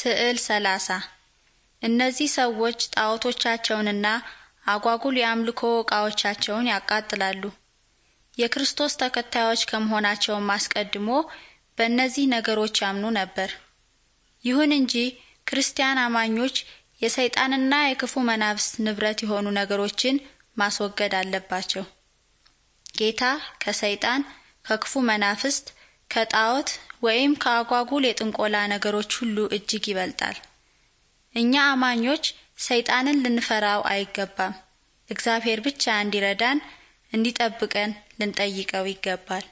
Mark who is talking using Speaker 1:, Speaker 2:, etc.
Speaker 1: ስዕል ሰላሳ እነዚህ ሰዎች ጣዖቶቻቸውንና አጓጉል የአምልኮ ዕቃዎቻቸውን ያቃጥላሉ። የክርስቶስ ተከታዮች ከመሆናቸውም አስቀድሞ በእነዚህ ነገሮች ያምኑ ነበር። ይሁን እንጂ ክርስቲያን አማኞች የሰይጣንና የክፉ መናፍስት ንብረት የሆኑ ነገሮችን ማስወገድ አለባቸው። ጌታ ከሰይጣን ከክፉ መናፍስት ከጣዖት ወይም ከአጓጉል የጥንቆላ ነገሮች ሁሉ እጅግ ይበልጣል። እኛ አማኞች ሰይጣንን ልንፈራው አይገባም። እግዚአብሔር ብቻ እንዲረዳን እንዲጠብቀን ልንጠይቀው ይገባል።